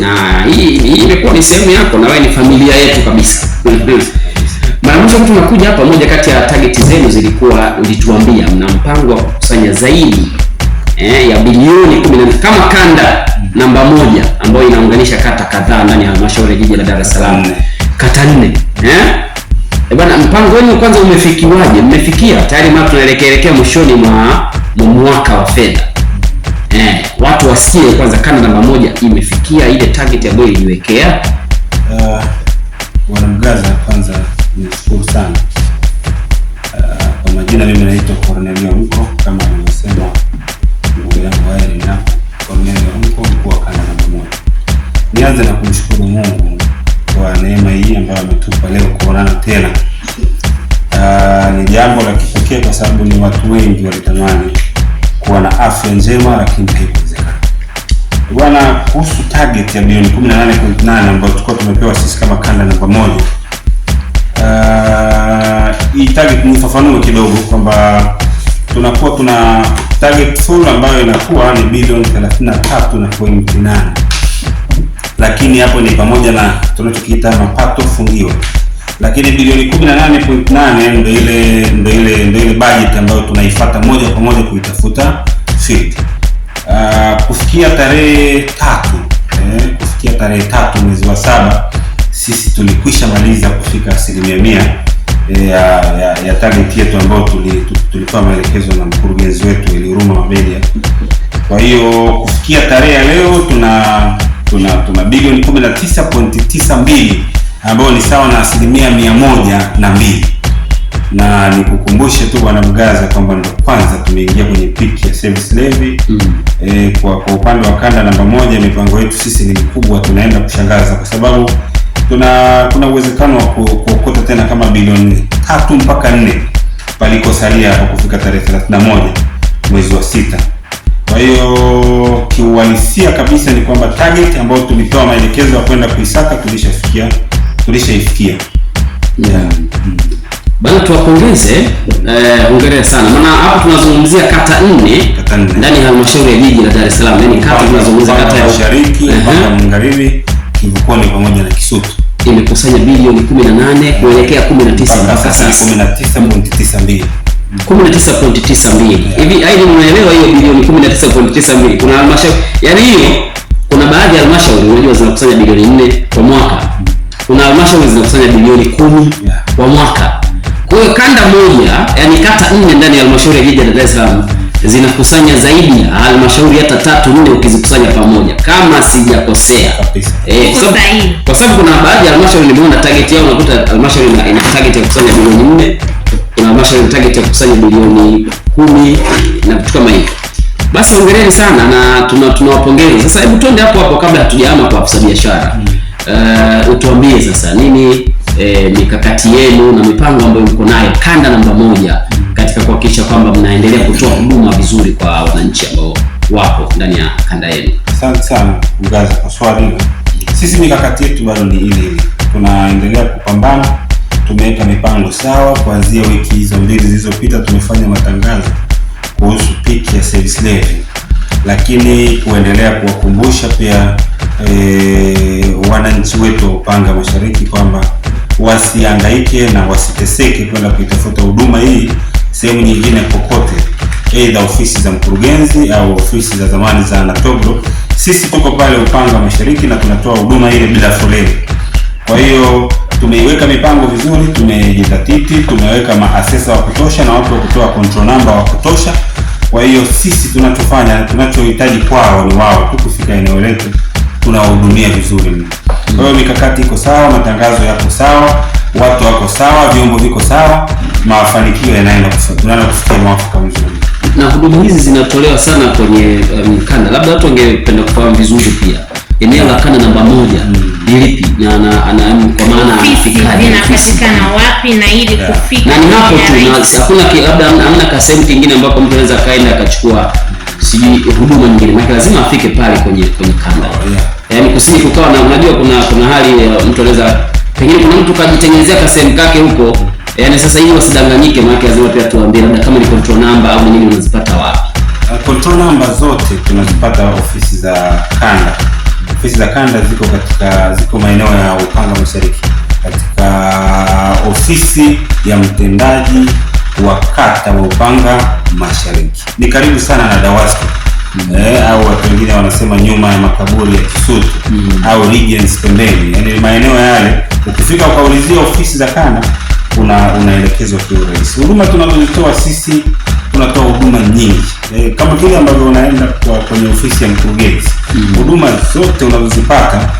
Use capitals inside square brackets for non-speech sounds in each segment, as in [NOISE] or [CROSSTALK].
na hii imekuwa ni sehemu yako, na wewe ni familia yetu kabisa. [LAUGHS] Mara mwisho nakuja hapa, moja kati ya target zenu zilikuwa, ulituambia mna mpango wa kukusanya zaidi eh, ya bilioni 10 kama kanda namba moja ambayo inaunganisha kata kadhaa ndani ya halmashauri ya jiji la Dar es Salaam, kata nne eh? eh bwana, mpango wenu kwanza umefikiwaje? Mmefikia tayari? Maana tunaelekea mwishoni mwa mwaka wa fedha eh, watu wasiwe kwanza, kana namba moja imefikia ile target ambayo iliwekea. Uh, wanamgaza kwanza nashukuru sana uh, kwa majina mimi naitwa Cornelio Mko kama alivyosema ndugu yangu Waeli na Mko, mkuu wa kanda namba moja. Nianze na kumshukuru Mungu kwa neema hii ambayo ametupa leo kuonana tena. Uh, ni jambo la kipekee kwa sababu ni watu wengi walitamani afya njema, lakini haikuwezekana bwana. Kuhusu target ya bilioni 18.8 ambayo tulikuwa tumepewa sisi kama kanda namba moja, uh, hii target fafanuo kidogo kwamba tunakuwa tuna target full ambayo inakuwa ni bilioni 33.8, lakini hapo ni pamoja na tunachokiita mapato fungiwa lakini bilioni 18.8 ndio ile ndio ile ndio ile budget ambayo tunaifuata moja kwa moja kuitafuta 2026 uh, ah, kufikia tarehe tatu eh, kufikia tarehe tatu mwezi wa saba sisi tulikwisha maliza kufika asilimia mia eh, ya, ya, ya target yetu ambayo tulikuwa maelekezo na mkurugenzi wetu Eliruma Mabedia. Kwa hiyo kufikia tarehe ya leo tuna tuna tuna bilioni 19.92 ambayo ni sawa na asilimia mia moja na mbili na nikukumbushe tu Bwana Mgaza kwamba ndo kwanza tumeingia kwenye piki ya service levy mm. E, kwa, kwa upande wa kanda namba moja mipango yetu sisi ni mikubwa, tunaenda kushangaza kwa sababu tuna kuna uwezekano wa kuokota tena kama bilioni tatu mpaka nne palikosalia hapo kufika tarehe 31 mwezi wa sita. Kwa hiyo kiuhalisia kabisa ni kwamba target ambayo tulitoa maelekezo ya kwenda kuisaka tulishaifikia, tulishaifikia yeah. mm bali tuwapongeze hongera eh, sana maana hapa tunazungumzia kata nne ndani ya halmashauri ya jiji la Dar es Salaam, yani kata tunazungumzia kata ya mashariki mpaka magharibi, Kivukoni pamoja na Kisutu imekusanya bilioni 18 kuelekea 19 mpaka sasa 19.92 19.92 hivi aidi, mnaelewa hiyo bilioni 19.92 kuna halmashauri yani hiyo, kuna baadhi ya halmashauri unajua zinakusanya bilioni 4 kwa mwaka, kuna halmashauri zinakusanya bilioni kumi kwa mwaka kwa hiyo kanda moja, yani kata nne ndani ya halmashauri ya jiji la Dar es Salaam zinakusanya zaidi ya halmashauri hata tatu nne ukizikusanya pamoja, kama sijakosea eh, kwa sababu kwa sababu kuna baadhi ya halmashauri nimeona target yao, unakuta halmashauri ina target ya kukusanya bilioni 4, kuna halmashauri ina target ya kukusanya bilioni 10 na vitu kama hivyo. Basi hongereni sana na tuna tunawapongeza. Sasa hebu twende hapo hapo kabla hatujaama kwa afisa biashara. hmm. Uh, utuambie sasa nini e, mikakati yenu na mipango ambayo mko nayo kanda namba moja katika kuhakikisha kwamba mnaendelea kutoa huduma vizuri kwa wananchi ambao wapo ndani ya kanda yenu. Asante sana Mgazi kwa swali. Sisi mikakati yetu bado ni ile ile, tunaendelea kupambana. Tumeweka mipango sawa, kuanzia wiki hizo mbili zilizopita tumefanya matangazo kuhusu peak ya service level, lakini kuendelea kuwakumbusha pia e, wananchi wetu wa Upanga Mashariki kwamba wasiangaike na wasiteseke kwenda kuitafuta huduma hii sehemu nyingine kokote, aidha ofisi za mkurugenzi au ofisi za zamani za Natogro. Sisi tuko pale Upanga Mashariki na tunatoa huduma ile bila foleni. Kwa hiyo tumeiweka mipango vizuri, tumejitatiti, tumeweka maasesa wa kutosha na watu wa kutoa control number wa kutosha. Kwa hiyo sisi tunachofanya, tunachohitaji kwao ni wao tu kufika eneo letu, tunawahudumia vizuri mno. Kwa hiyo mikakati iko sawa, matangazo yako sawa, watu wako sawa, vyombo viko sawa, mafanikio yanaenda tunaenda kufikia mwafaka mzuri. Na huduma hizi zinatolewa sana kwenye um, kanda, labda watu wangependa kufahamu vizuri pia eneo la kanda namba moja mm. lipi, na ana, ana kwa maana anapatikana wapi na ili kufika na ni hapo tu, hakuna labda amna kasehemu kingine ambapo mtu anaweza kaenda akachukua sijui huduma nyingine, maana lazima afike pale kwenye kwenye kanda oh, yeah. Yaani kusini kukawa na, unajua kuna kuna hali mtu anaweza pengine, kuna mtu kajitengenezea kasehemu kake huko Yaani sasa hivi wasidanganyike, maana lazima pia tuambie labda kama ni control number au nini unazipata wapi? Uh, control number zote tunazipata ofisi za kanda. Ofisi za kanda ziko katika ziko maeneo ya Upanga Mashariki katika ofisi ya mtendaji wa kata wa Upanga Mashariki. Ni karibu sana na Dawasco mm -hmm. eh, au watu wengine wanasema nyuma ya makaburi ya Kisutu mm -hmm. au Regions pembeni, yaani maeneo yale ukifika ukaulizia ofisi za Kana una unaelekezwa kiurahisi. Huduma tunazozitoa sisi tunatoa huduma nyingi e, kama vile ambavyo unaenda kwa kwenye ofisi ya mkurugenzi huduma mm -hmm. zote unazozipata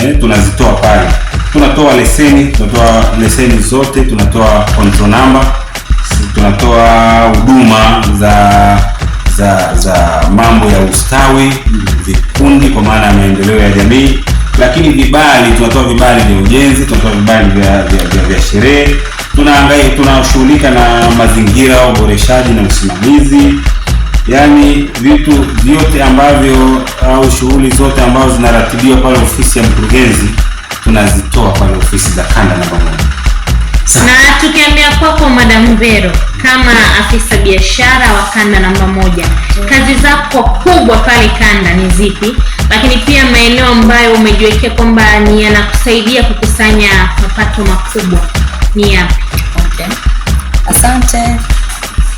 e, tunazitoa pale. Tunatoa leseni, tunatoa leseni zote, tunatoa control number tunatoa huduma za za za mambo ya ustawi, vikundi kwa maana ya maendeleo ya jamii, lakini vibali, tunatoa vibali vya ujenzi, tunatoa vibali vya vya, vya, vya sherehe, tunaangalia tunashughulika na mazingira, uboreshaji na usimamizi, yaani vitu vyote ambavyo au shughuli zote ambazo zinaratibiwa pale ofisi ya mkurugenzi tunazitoa pale ofisi za kanda namba moja. Na tukiambia kwako Madam Vero kama afisa biashara wa kanda namba moja, kazi zako kubwa pale kanda ni zipi? Lakini pia maeneo ambayo umejiwekea kwamba ni yanakusaidia kukusanya mapato makubwa ni yapi? Okay. Asante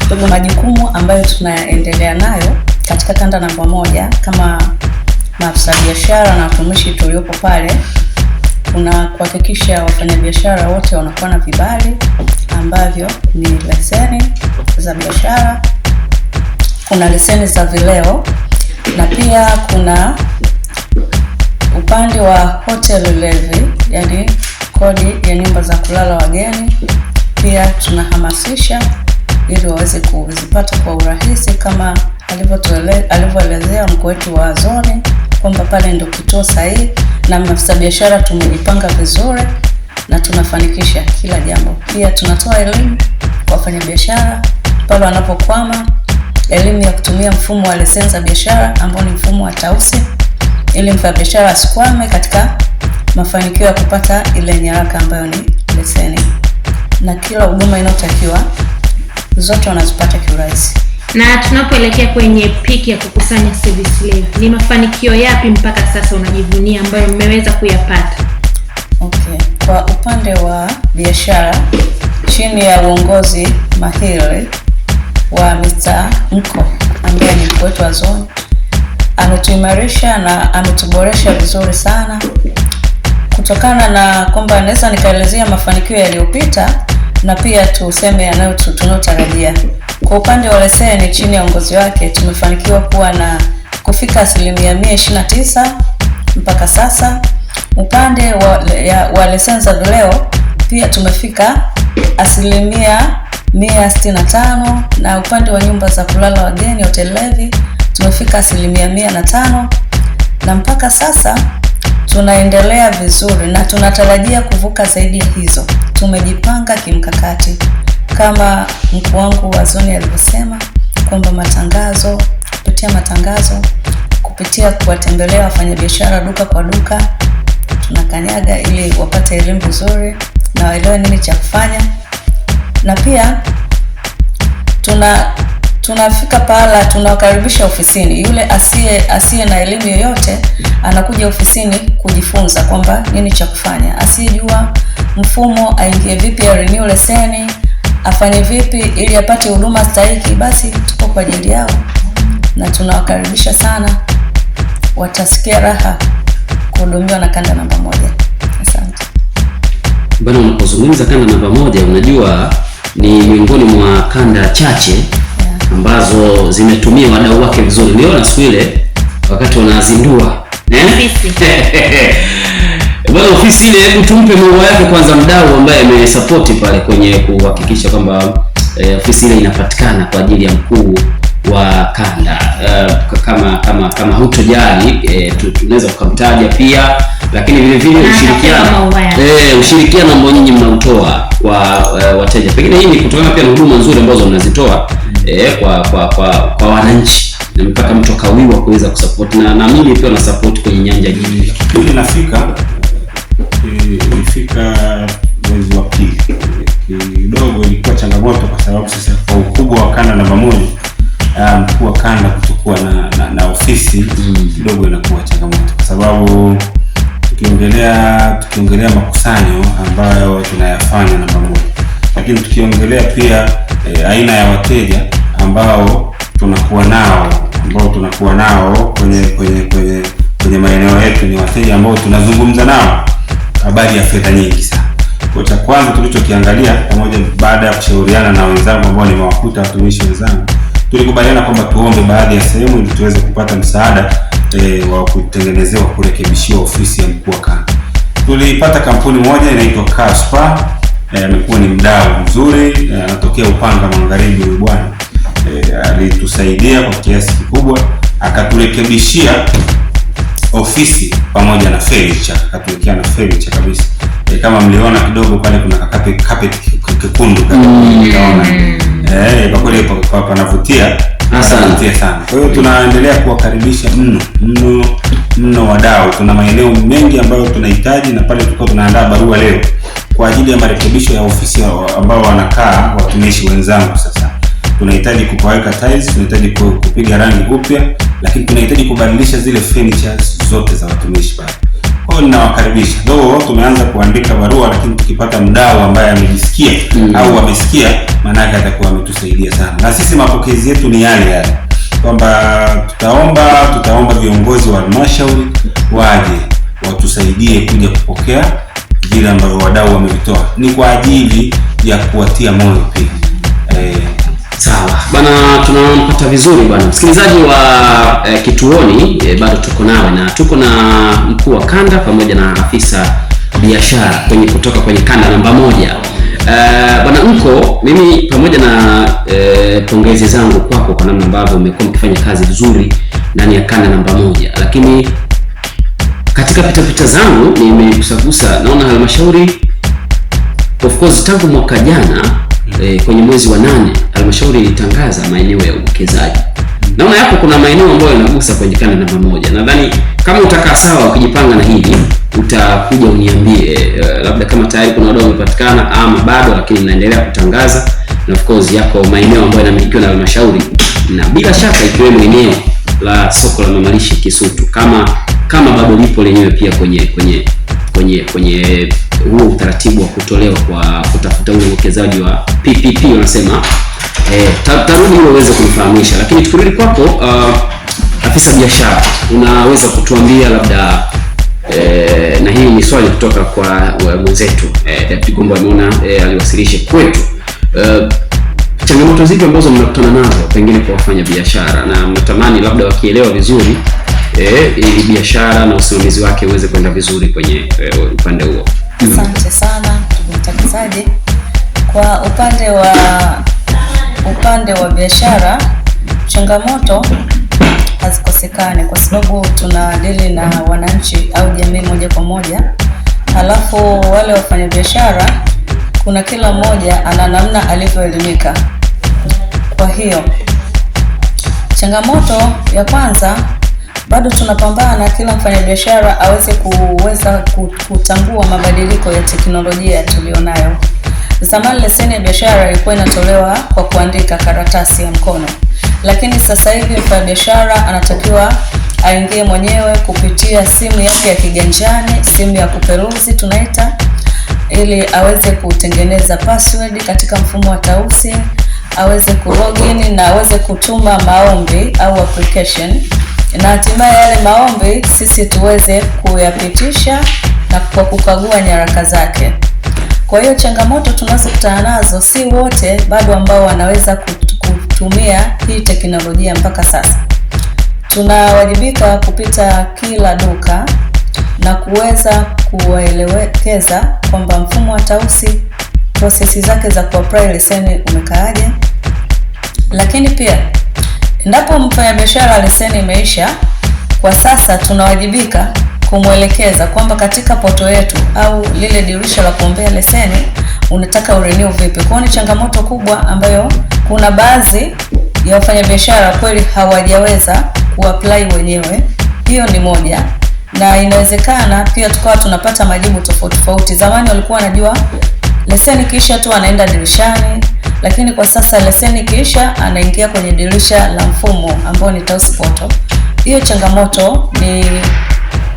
ndogo. Majukumu ambayo tunaendelea nayo katika kanda namba moja kama maafisa biashara na watumishi tuliopo pale, kuna kuhakikisha wafanyabiashara wote wanakuwa na vibali ambavyo ni leseni za biashara, kuna leseni za vileo na pia kuna upande wa hotel levy, yani kodi ya nyumba za kulala wageni. Pia tunahamasisha ili waweze kuzipata kwa urahisi kama alivyoelezea mkuu wetu wa zoni kwamba pale ndio kituo sahihi, na maafisa biashara tumejipanga vizuri na tunafanikisha kila jambo. Pia tunatoa elimu kwa wafanyabiashara pale wanapokwama, elimu ya kutumia mfumo wa leseni za biashara ambao ni mfumo wa Tausi ili mfanyabiashara asikwame katika mafanikio ya kupata ile nyaraka ambayo ni leseni, na kila huduma inayotakiwa zote wanazipata kiurahisi. Na tunapoelekea kwenye piki ya kukusanya service levy, ni mafanikio yapi mpaka sasa unajivunia ambayo mmeweza kuyapata? Okay. Kwa upande wa biashara, chini ya uongozi mahiri wa Mr. Mko ambaye ni mkuu wetu wa zone, ametuimarisha na ametuboresha vizuri sana, kutokana na kwamba naweza nikaelezea mafanikio yaliyopita na pia tuseme yanayo tunayotarajia. Kwa upande wa leseni, chini ya uongozi wake tumefanikiwa kuwa na kufika asilimia mia ishirini na tisa mpaka sasa Upande wa, wa leseni za vileo pia tumefika asilimia 165, na upande wa nyumba za kulala wageni hotel levy tumefika asilimia 105, na mpaka sasa tunaendelea vizuri na tunatarajia kuvuka zaidi ya hizo. Tumejipanga kimkakati kama mkuu wangu wa zoni alivyosema kwamba matangazo, kupitia matangazo, kupitia kuwatembelea wafanyabiashara duka kwa duka nakanyaga ili wapate elimu vizuri na waelewe nini cha kufanya, na pia tuna tunafika pahala tunawakaribisha ofisini. Yule asiye asiye na elimu yoyote anakuja ofisini kujifunza kwamba nini cha kufanya. Asiyejua mfumo aingie vipi, ya renew leseni afanye vipi ili apate huduma stahiki, basi tuko kwa ajili yao na tunawakaribisha sana, watasikia raha kuhudumiwa na kanda namba moja. Asante. Bwana, unapozungumza kanda namba moja, unajua ni miongoni mwa kanda chache yeah, ambazo zimetumia wadau wake vizuri. Niliona siku ile wakati wanazindua eh? [LAUGHS] Bwana ofisi ile, hebu tumpe maua yake kwanza mdau ambaye amesapoti pale kwenye kuhakikisha kwamba eh, ofisi ile inapatikana kwa ajili ya mkuu wa kanda uh, kama kama kama hutojali eh, tunaweza tukamtaja pia, lakini vile vile ushirikiano eh, ushirikiano ambao nyinyi mnautoa kwa uh, wateja, pengine hii ni kutokana pia na huduma nzuri ambazo mnazitoa eh, kwa kwa kwa, kwa wananchi na mpaka mtu akawiwa kuweza kusupport na na mimi pia na support kwenye nyanja hii Mimi nafika eh, ilifika mwezi wa pili kidogo, ilikuwa changamoto kwa sababu sasa kwa ukubwa wa kanda namba moja mkuu um, wa kanda kutokuwa na, na, na ofisi mm. kidogo mm. inakuwa changamoto kwa sababu tukiongelea tukiongelea makusanyo ambayo tunayafanya namba moja, lakini tukiongelea pia e, aina ya wateja ambao tunakuwa nao ambao tunakuwa nao kwenye kwenye kwenye kwenye maeneo yetu ni wateja ambao tunazungumza nao habari ya fedha nyingi sana. Kwa cha kwanza tulichokiangalia pamoja, baada ya kushauriana na wenzangu ambao nimewakuta watumishi wenzangu tulikubaliana kwamba tuombe baadhi ya sehemu ili tuweze kupata msaada e, wa kutengenezewa kurekebishiwa ofisi ya mkuu wa kanda. Tulipata kampuni moja inaitwa Kaspa, eh, amekuwa e, ni mdau mzuri, eh, anatokea e, Upanga Magharibi. Huyu bwana e, alitusaidia kwa kiasi kikubwa, akaturekebishia ofisi pamoja na furniture, akatuwekea na furniture kabisa kama mliona kidogo pale kuna carpet carpet kekundu kama mm. mliona mm. eh, kwa kweli panavutia Asante sana. Kwa hiyo mm. tunaendelea kuwakaribisha mno mno mno wadau. Tuna maeneo mengi ambayo tunahitaji, na pale tulikuwa tunaandaa barua leo kwa ajili ya marekebisho ya ofisi ambao wanakaa watumishi wenzangu. Sasa tunahitaji kupaweka tiles, tunahitaji kupiga rangi upya, lakini tunahitaji kubadilisha zile furniture zote za watumishi pale kwa ninawakaribisha though tumeanza kuandika barua, lakini tukipata mdau ambaye amejisikia mm. au amesikia, maanake atakuwa ametusaidia sana, na sisi mapokezi yetu ni yale yale kwamba tutaomba tutaomba viongozi wa halmashauri waje watusaidie kuja kupokea vile ambavyo wadau wamevitoa, ni kwa ajili ya kuwatia moyo pia eh, Sawa bana, tunampata vizuri bwana msikilizaji wa eh, Kituoni eh, bado tuko nawe na tuko na mkuu wa kanda pamoja na afisa biashara kwenye kutoka kwenye kanda namba moja. Uh, eh, bwana mko mimi pamoja na eh, pongezi zangu kwako kwa namna ambavyo umekuwa mkifanya kazi vizuri ndani ya kanda namba moja, lakini katika pitapita zangu nimegusagusa, naona halmashauri of course tangu mwaka jana e, kwenye mwezi wa nane halmashauri ilitangaza maeneo ya uwekezaji. Naona yapo kuna maeneo ambayo yanagusa kwenye kanda namba moja. Nadhani kama utakaa sawa ukijipanga na hili utakuja uniambie, uh, labda kama tayari kuna wadao wamepatikana ama bado, lakini naendelea kutangaza na of course yako maeneo ambayo yanamilikiwa na halmashauri na bila shaka ikiwemo eneo la soko la mamalishi Kisutu, kama kama bado lipo lenyewe pia kwenye kwenye kwenye kwenye huo utaratibu wa kutolewa kwa kutafuta ule uwekezaji wa PPP wanasema. E, tarudi hilo uweze kunifahamisha, lakini tukirudi kwako uh, afisa biashara, unaweza kutuambia labda e, na hii ni swali kutoka kwa mwenzetu e, eh, Gombo ameona e, aliwasilishe kwetu e, changamoto zipi ambazo mnakutana nazo pengine kwa wafanya biashara na mnatamani labda wakielewa vizuri e, ili biashara na usimamizi wake uweze kwenda vizuri kwenye e, upande huo. Asante sana ndugu mtangazaji. Kwa upande wa upande wa biashara, changamoto hazikosekani kwa sababu tuna deli na wananchi au jamii moja kwa moja, halafu wale wafanyabiashara, kuna kila mmoja ana namna alivyoelimika. Kwa hiyo changamoto ya kwanza bado tunapambana kila mfanyabiashara aweze kuweza kutambua mabadiliko ya teknolojia tuliyonayo. Zamani leseni ya biashara ilikuwa inatolewa kwa kuandika karatasi ya mkono, lakini sasa hivi mfanyabiashara anatakiwa aingie mwenyewe kupitia simu yake ya kiganjani, simu ya kuperuzi tunaita, ili aweze kutengeneza password katika mfumo wa Tausi, aweze kulogin na aweze kutuma maombi au application na hatimaye yale maombi sisi tuweze kuyapitisha na kwa kukagua nyaraka zake. Kwa hiyo changamoto tunazokutana nazo, si wote bado ambao wanaweza kutumia hii teknolojia mpaka sasa. Tunawajibika kupita kila duka na kuweza kuwaelekeza kwamba mfumo wa Tausi prosesi zake za kuapply leseni umekaaje, lakini pia Endapo mfanyabiashara leseni imeisha, kwa sasa tunawajibika kumwelekeza kwamba katika poto yetu au lile dirisha la kuombea leseni unataka urenew vipi. Kwao ni changamoto kubwa ambayo kuna baadhi ya wafanyabiashara kweli hawajaweza kuapply wenyewe, hiyo ni moja, na inawezekana pia tukawa tunapata majibu tofauti tofauti. Zamani walikuwa wanajua leseni kisha tu anaenda dirishani lakini kwa sasa leseni ikiisha, anaingia kwenye dirisha la mfumo ambao ni TAUSI portal. Hiyo changamoto ni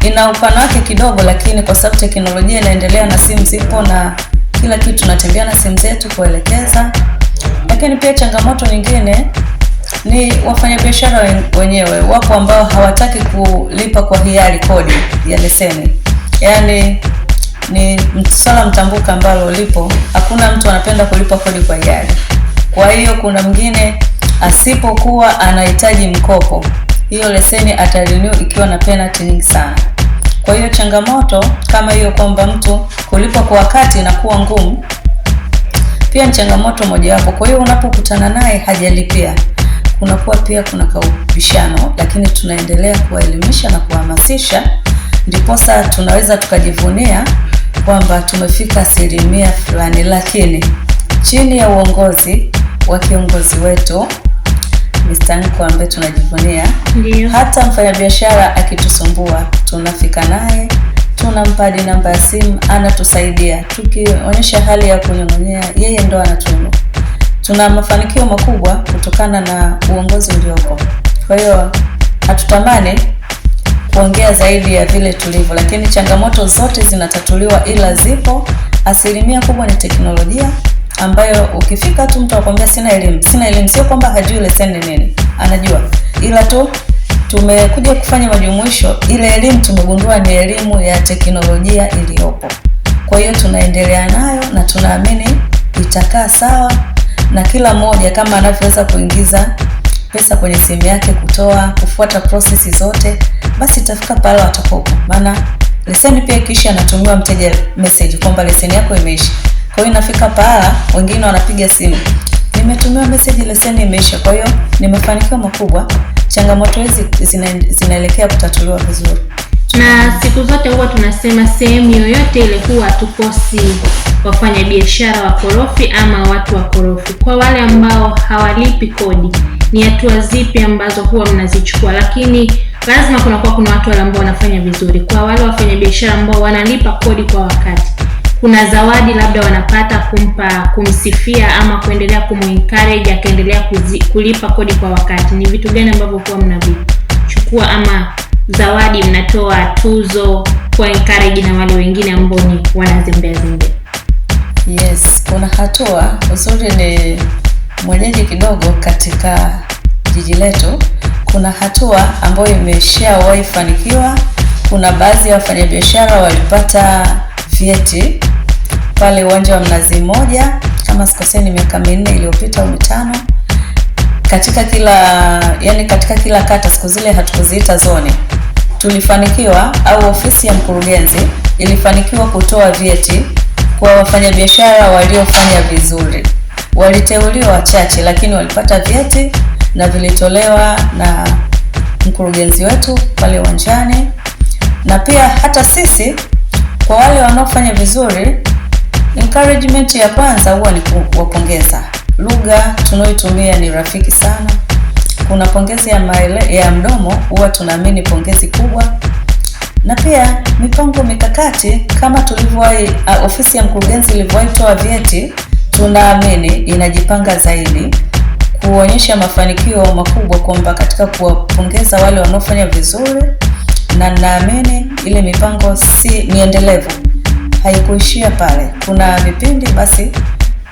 ina upana wake kidogo, lakini kwa sababu teknolojia inaendelea na simu zipo na kila kitu tunatembea na simu zetu kuelekeza. Lakini pia changamoto nyingine ni wafanyabiashara wenyewe, wapo ambao hawataki kulipa kwa hiari kodi ya leseni, yaani ni swala mtambuka ambalo lipo. Hakuna mtu anapenda kulipa kodi kwa hiari. Kwa hiyo kuna mwingine asipokuwa anahitaji mkopo, hiyo leseni atarenew ikiwa na penalty nyingi sana. Kwa hiyo changamoto kama hiyo kwamba mtu kulipa kwa wakati inakuwa ngumu, pia ni changamoto mojawapo. Kwa hiyo unapokutana naye hajalipia kunakuwa pia kuna kaubishano, lakini tunaendelea kuwaelimisha na kuhamasisha ndiposa tunaweza tukajivunia kwamba tumefika asilimia fulani, lakini chini ya uongozi wa kiongozi wetu Mr. ambaye tunajivunia, ndiyo. Hata mfanyabiashara akitusumbua tunafika naye tunampa hadi namba ya simu, anatusaidia. Tukionyesha hali ya kunyong'onyea, yeye ndo anatunu. Tuna mafanikio makubwa kutokana na uongozi uliopo. Kwa hiyo hatutamani kuongea zaidi ya vile tulivyo, lakini changamoto zote zinatatuliwa, ila zipo. Asilimia kubwa ni teknolojia ambayo ukifika tu mtu akwambia sina elimu, sina elimu, sio kwamba hajui leseni nini, anajua, ila tu tumekuja kufanya majumuisho, ile elimu tumegundua ni elimu ya teknolojia iliyopo. Kwa hiyo tunaendelea nayo na tunaamini itakaa sawa, na kila mmoja kama anavyoweza kuingiza pesa kwenye simu yake, kutoa, kufuata prosesi zote basi itafika pahala watakopa. Maana leseni pia ikiisha, anatumiwa mteja message kwamba leseni yako imeisha. Kwa hiyo inafika pahala wengine wanapiga simu, nimetumiwa message leseni imeisha. Kwa hiyo ni mafanikio makubwa, changamoto hizi zinaelekea kutatuliwa vizuri. Na siku zote huwa tunasema sehemu yoyote ile huwa hatukosi wafanyabiashara wakorofi ama watu wakorofi. Kwa wale ambao hawalipi kodi ni hatua zipi ambazo huwa mnazichukua, lakini lazima kunakuwa kuna watu wale ambao wanafanya vizuri. Kwa wale wafanyabiashara ambao wanalipa kodi kwa wakati, kuna zawadi labda wanapata kumpa, kumsifia ama kuendelea kumencourage akaendelea kulipa kodi kwa wakati. Ni vitu gani ambavyo huwa mnavichukua ama zawadi mnatoa tuzo kwa encourage na wale wengine ambao ni wanazembea zembea? Yes, kuna hatua uzuri ni mwenyeji kidogo katika jiji letu, kuna hatua ambayo imeshawahi fanikiwa. Kuna baadhi ya wafanyabiashara walipata vyeti pale uwanja wa Mnazi Mmoja, kama sikoseni, miaka minne iliyopita au mitano katika kila yani, katika kila kata, siku zile hatukuziita zoni, tulifanikiwa au ofisi ya mkurugenzi ilifanikiwa kutoa vyeti kwa wafanyabiashara waliofanya vizuri. Waliteuliwa wachache, lakini walipata vyeti na vilitolewa na mkurugenzi wetu pale uwanjani, na pia hata sisi kwa wale wanaofanya vizuri, encouragement ya kwanza huwa ni kuwapongeza. Lugha tunayotumia ni rafiki sana. Kuna pongezi ya maele, ya mdomo huwa tunaamini pongezi kubwa, na pia mipango mikakati kama tulivyowahi, ofisi ya mkurugenzi ilivyowahi toa vyeti tunaamini inajipanga zaidi kuonyesha mafanikio makubwa kwamba katika kuwapongeza wale wanaofanya vizuri, na naamini ile mipango si ni endelevu, haikuishia pale. Kuna vipindi basi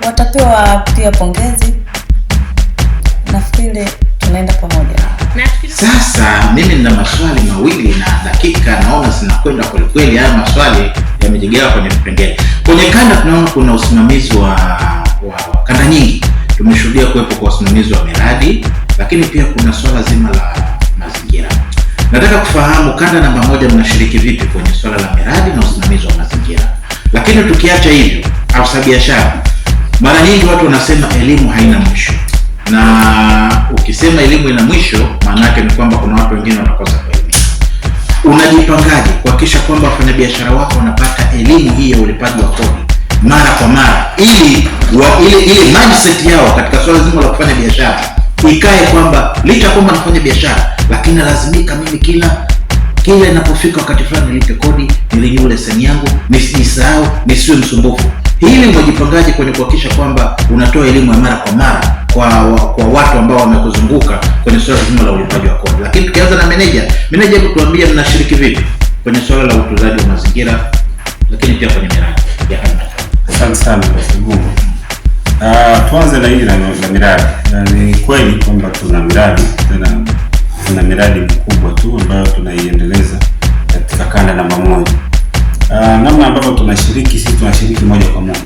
watapewa pia pongezi. Nafikiri tunaenda pamoja. Sasa mimi nina maswali mawili na dakika naona zinakwenda kwelikweli. Haya maswali yamejigawa kwenye vipengele. Kwenye kanda tunaona kuna usimamizi wa wow. Kanda nyingi tumeshuhudia kuwepo kwa usimamizi wa miradi, lakini pia kuna swala zima la mazingira. Nataka kufahamu kanda namba moja, mnashiriki vipi kwenye swala la miradi na usimamizi wa mazingira? Lakini tukiacha hivyo, afisa biashara, mara nyingi watu wanasema elimu haina mwisho, na ukisema elimu ina mwisho, maana yake ni kwamba kuna watu wengine wanakosa kuelimika. Unajipangaje kuhakikisha kwamba wafanyabiashara wako wanapata elimu hii ya ulipaji wa kodi mara kwa mara, ili ile ile mindset yao katika swala zima la kufanya biashara ikae kwamba licha kwamba nafanya biashara, lakini lazimika mimi kila kila inapofika wakati fulani nilipe kodi, nilijue leseni yangu, nisisahau nisiwe msumbufu. Hili unajipangaje kwenye kuhakikisha kwamba unatoa elimu ya mara kwa mara kwa wa, kwa watu ambao wamekuzunguka kwenye swala zima la ulipaji wa kodi? Lakini tukianza na meneja, meneja, hebu mnashiriki vipi kwenye swala la utunzaji wa mazingira, lakini pia kwenye miradi ya ardhi? Asante sana Gumo. Uh, ah, tuanze na hili la miradi. Ni kweli kwamba tuna miradi tena, tuna miradi mikubwa tu ambayo tunaiendeleza katika kanda namba moja. Uh, namna ambavyo tunashiriki sisi, tunashiriki moja kwa moja,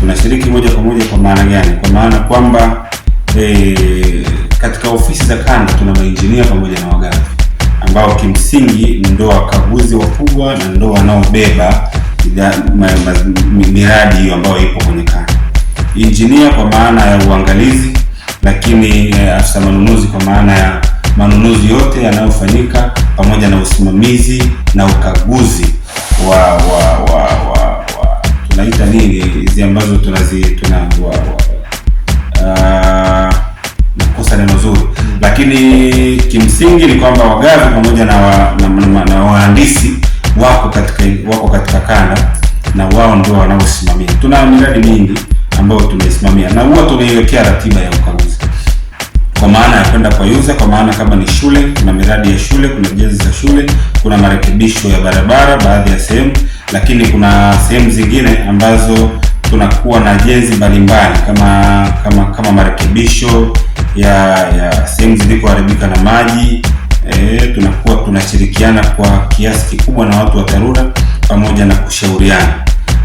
tunashiriki moja kwa moja. Kwa maana gani? Kwa maana kwamba eh, katika ofisi za kanda tuna mainjinia pamoja na wagavi ambao kimsingi ndo wakaguzi wakubwa na ndo wanaobeba miradi hiyo ambayo ipo kwenye kanda. Injinia kwa maana ya uangalizi, lakini eh, afisa manunuzi kwa maana ya manunuzi yote yanayofanyika pamoja na usimamizi na ukaguzi wa wa wa, wa, wa tunaita nini hizi ambazo tunazi tuna wa, wa, uh, ah, nakosa neno zuri lakini kimsingi ni kwamba wagavi pamoja na wahandisi na, na, na, na, na, na, na, na, wako katika wako katika kanda na wao ndio wanaosimamia. Tuna miradi mingi ambayo tumesimamia na huwa tumeiwekea ratiba ya ukaguzi, kwa maana ya kwenda kwa user, kwa maana kama ni shule, kuna miradi ya shule, kuna jezi za shule, kuna marekebisho ya barabara baadhi ya sehemu, lakini kuna sehemu zingine ambazo tunakuwa na jezi mbalimbali kama kama kama marekebisho ya ya sehemu zilizoharibika na maji eh, tunakuwa tunashirikiana kwa kiasi kikubwa na watu wa TARURA pamoja na kushauriana.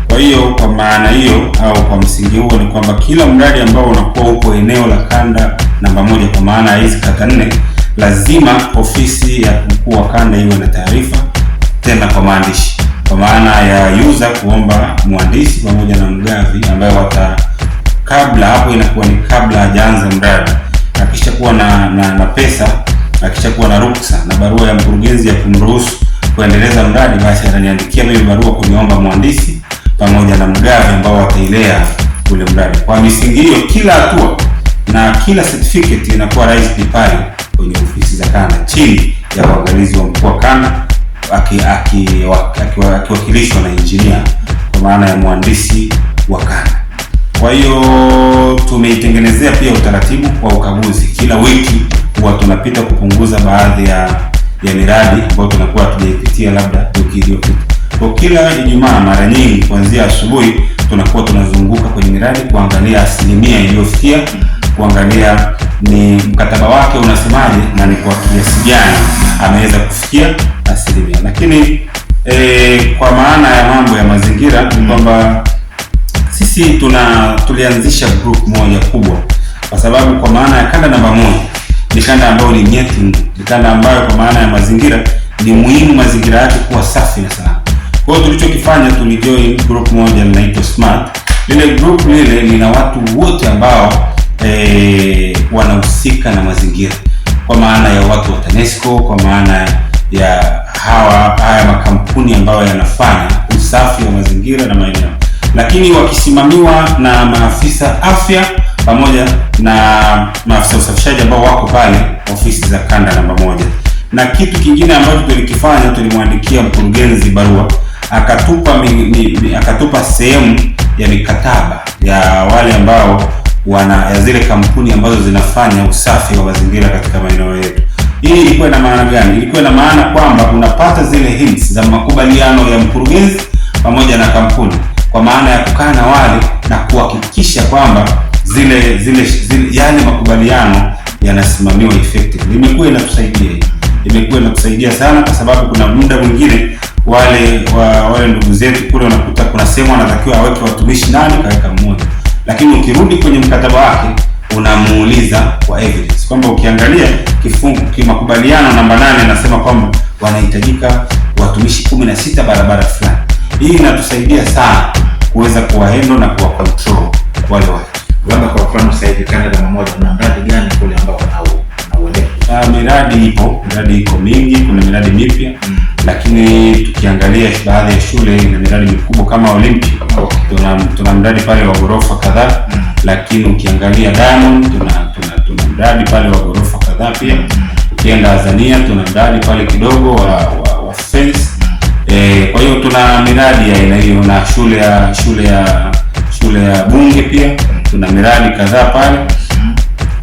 Kwa hiyo kwa maana hiyo au kwa msingi huo ni kwamba kila mradi ambao unakuwa huko eneo la kanda namba moja, kwa maana ya hizi kata nne, lazima ofisi ya mkuu wa kanda iwe na taarifa tena kwa maandishi, kwa maana ya user kuomba mwandishi pamoja na mgavi ambaye wata kabla hapo inakuwa ni kabla hajaanza mradi akisha kuwa na, na, na pesa akishakuwa na ruksa na barua ya mkurugenzi ya kumruhusu kuendeleza mradi, basi ataniandikia mimi barua kuniomba mhandisi pamoja na mgavi ambao wataelea ule mradi. Kwa misingi hiyo, kila hatua na kila certificate inakuwa raised pale kwenye ofisi za Kana chini ya uangalizi wa mkuu wa Kana akiwakilishwa aki, aki, aki na injinia kwa maana ya mhandisi wa Kana. Kwa hiyo tumeitengenezea pia utaratibu wa ukaguzi kila wiki huwa tunapita kupunguza baadhi ya ya miradi ambayo tunakuwa hatujaipitia labda wiki iliyopita. Kwa kila Ijumaa mara nyingi kuanzia asubuhi tunakuwa tunazunguka kwenye miradi kuangalia asilimia iliyofikia, kuangalia ni mkataba wake unasemaje na ni kwa kiasi gani ameweza kufikia asilimia. Lakini e, kwa maana ya mambo ya mazingira ni mm. kwamba sisi tuna tulianzisha group moja kubwa, kwa sababu kwa maana ya kanda namba moja ni kanda ambayo ni nyeti, ni kanda ambayo kwa maana ya mazingira ni muhimu mazingira yake kuwa safi na salama. Kwa hiyo tulichokifanya, tulijoin group moja linaitwa Smart. Lile group lile lina watu wote ambao e, wanahusika na mazingira kwa maana ya watu wa TANESCO, kwa maana ya hawa haya makampuni ambayo yanafanya usafi wa mazingira na maeneo, lakini wakisimamiwa na maafisa afya pamoja na maafisa usafishaji ambao wako pale ofisi za kanda namba moja. Na kitu kingine ambacho tulikifanya, tulimwandikia mkurugenzi barua akatupa mi, mi, mi, akatupa sehemu ya mikataba ya wale ambao wana ya zile kampuni ambazo zinafanya usafi wa mazingira katika maeneo yetu. Hii ilikuwa na maana gani? Ilikuwa na maana kwamba unapata zile hints za makubaliano ya mkurugenzi pamoja na kampuni, kwa maana ya kukaa na wale na kuhakikisha kwamba zile zile, zile yale yaani makubaliano yanasimamiwa effectively. Imekuwa inatusaidia imekuwa inatusaidia sana, kwa sababu kuna muda mwingine wale wa, wale ndugu zetu kule wanakuta kuna sehemu anatakiwa aweke watumishi nani, kaweka mmoja, lakini ukirudi kwenye mkataba wake unamuuliza kwa evidence kwamba ukiangalia kifungu kimakubaliano namba nane anasema kwamba wanahitajika watumishi kumi na sita barabara fulani. Hii inatusaidia sana kuweza kuwahandle na control wale wale. Labda kwa mfano sasa hivi Canada Mmoja, kuna mradi gani kule ambao unauendea? Uh, ah, miradi ipo, miradi iko mingi, kuna miradi mipya mm. Lakini tukiangalia baadhi ya shule na miradi mikubwa kama Olympic okay. Tuna, tuna mradi pale wa ghorofa kadhaa mm. Lakini ukiangalia Diamond tuna, tuna, tuna mradi pale wa ghorofa kadhaa pia mm. Ukienda Tanzania tuna mradi pale kidogo wa, wa, wa fence E, kwa hiyo tuna miradi ya aina hiyo na shule ya shule ya shule ya Bunge pia tuna miradi kadhaa pale.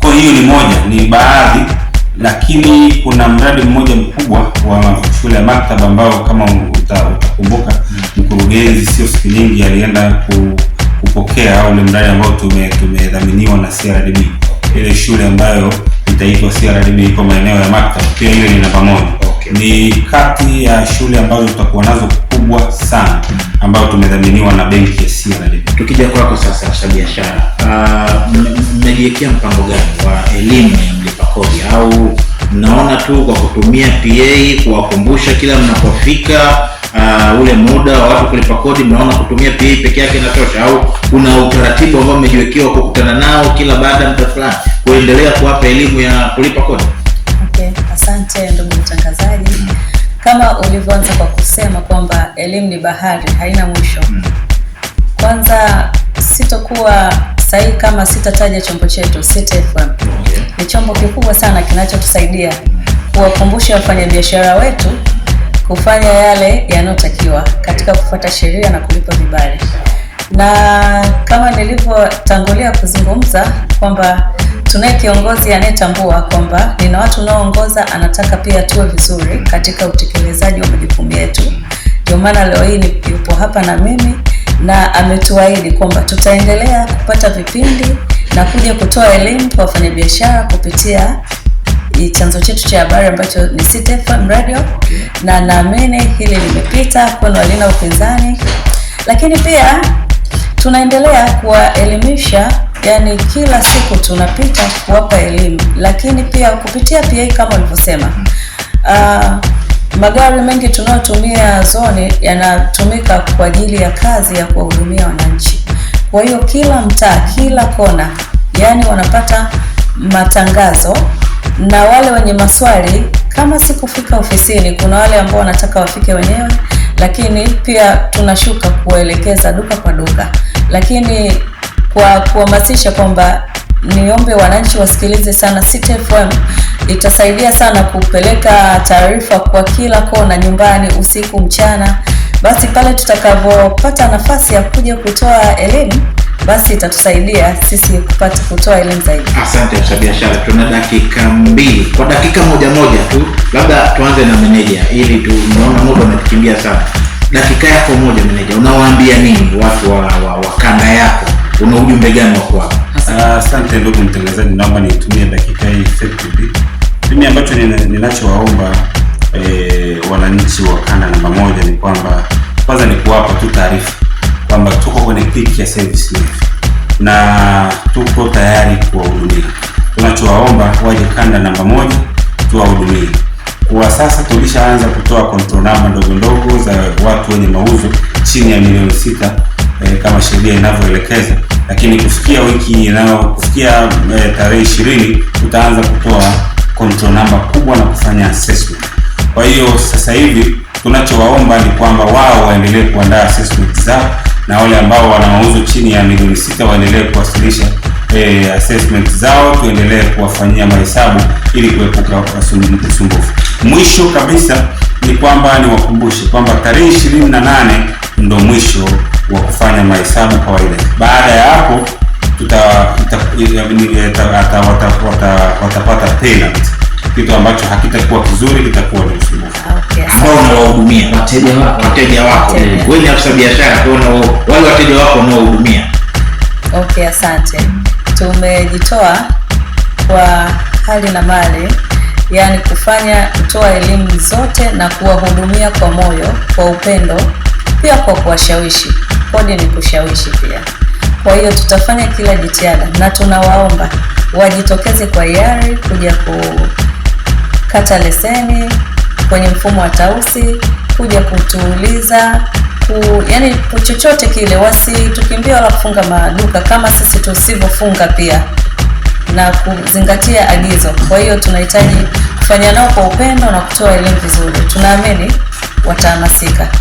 Kwa hiyo ni moja, ni baadhi, lakini kuna mradi mmoja mkubwa wa shule ya maktaba ambao kama utakumbuka mkurugenzi sio siku nyingi alienda ku, kupokea au ule mradi ambao tumedhaminiwa na CRDB, ile shule ambayo itaitwa CRDB iko maeneo ya maktaba, pia hiyo ni namba moja. Okay. Ni kati ya shule ambazo tutakuwa nazo kubwa sana ambayo tumedhaminiwa na benki ya CRDB. Tukija kwako sasa, afisa biashara, uh, mmejiwekea mpango gani wa elimu ya mlipa kodi au mnaona tu kwa kutumia PA kuwakumbusha kila mnapofika Uh, ule muda wa watu kulipa kodi, mnaona kutumia PA peke yake inatosha, au kuna utaratibu ambao mmejiwekewa kukutana nao kila baada ya muda fulani kuendelea kuwapa elimu ya kulipa kodi? Okay, asante ndugu mtangazaji kama ulivyoanza kwa kusema kwamba elimu ni bahari, haina mwisho. Mm. Kwanza sitokuwa sahihi kama sitataja chombo chetu Sita FM. Ni chombo kikubwa sana kinachotusaidia kuwakumbusha wafanyabiashara wetu kufanya yale yanayotakiwa katika kufuata sheria na kulipa vibali, na kama nilivyotangulia kuzungumza kwamba Tunaye kiongozi anayetambua kwamba nina watu unaoongoza, anataka pia tuwe vizuri katika utekelezaji wa majukumu yetu. Ndio maana leo hii nipo hapa na mimi, na ametuahidi kwamba tutaendelea kupata vipindi na kuja kutoa elimu kwa wafanyabiashara kupitia chanzo chetu cha habari ambacho ni City FM Radio, na naamini hili limepita kwenu halina upinzani, lakini pia tunaendelea kuwaelimisha yani kila siku tunapita kuwapa elimu, lakini pia kupitia PA kama ulivyosema. Uh, magari mengi tunayotumia zoni yanatumika kwa ajili ya kazi ya kuwahudumia wananchi. Kwa hiyo kila mtaa, kila kona, yani wanapata matangazo, na wale wenye maswali kama si kufika ofisini, kuna wale ambao wanataka wafike wenyewe, lakini pia tunashuka kuwaelekeza duka kwa duka lakini kwa kuhamasisha kwamba niombe wananchi wasikilize sana City FM, itasaidia sana kupeleka taarifa kwa kila kona, nyumbani, usiku, mchana. Basi pale tutakavyopata nafasi ya kuja kutoa elimu, basi itatusaidia sisi kupata kutoa elimu zaidi. Asante biashara tuna dakika mbili, kwa dakika moja moja tu labda tuanze na meneja, ili tunaona naona muda umetukimbia sana dakika yako moja meneja, unawaambia nini watu wa, wa, wa kanda yako? Una ujumbe gani wa kwao? Asante uh, ndugu mtangazaji, naomba nitumie dakika hii effectively. Mimi ambacho ninachowaomba e, wananchi wa kanda namba moja ni kwamba kwanza ni kuwapa tu taarifa kwamba tuko kwenye peak ya service life na tuko tayari kuwahudumia. Tunachowaomba waje kanda namba moja tuwahudumie. Kwa sasa tulishaanza kutoa control namba ndogo ndogo za watu wenye mauzo chini ya milioni sita eh, kama sheria inavyoelekeza, lakini kufikia wiki inayo kufikia eh, tarehe ishirini tutaanza kutoa control namba kubwa na kufanya assessment. Kwa hiyo sasa hivi tunachowaomba ni kwamba wao waendelee kuandaa assessment zao na wale ambao wana mauzo chini ya milioni sita waendelee kuwasilisha e, assessment zao, tuendelee kuwafanyia mahesabu ili kuepuka usumbufu. Mwisho kabisa ni kwamba niwakumbushe kwamba tarehe 28 ndo mwisho wa kufanya mahesabu kawaida. Baada ya hapo watapata penalty, kitu ambacho hakitakuwa kizuri, kitakuwa ni usumbufu ambao unawahudumia wateja wako. Wateja wako wewe ni afisa biashara, kwa hiyo wale wateja wako unaohudumia. Okay, asante. Tumejitoa kwa hali na mali yaani kufanya kutoa elimu zote na kuwahudumia kwa moyo, kwa upendo, pia kwa kuwashawishi. Kodi ni kushawishi pia. Kwa hiyo tutafanya kila jitihada na tunawaomba wajitokeze kwa hiari kuja kukata leseni kwenye mfumo wa Tausi, kuja kutuuliza ku, yani chochote kile, wasitukimbia wala kufunga maduka kama sisi tusivyofunga pia na kuzingatia agizo. Kwa hiyo tunahitaji kufanya nao kwa upendo na kutoa elimu vizuri. Tunaamini watahamasika.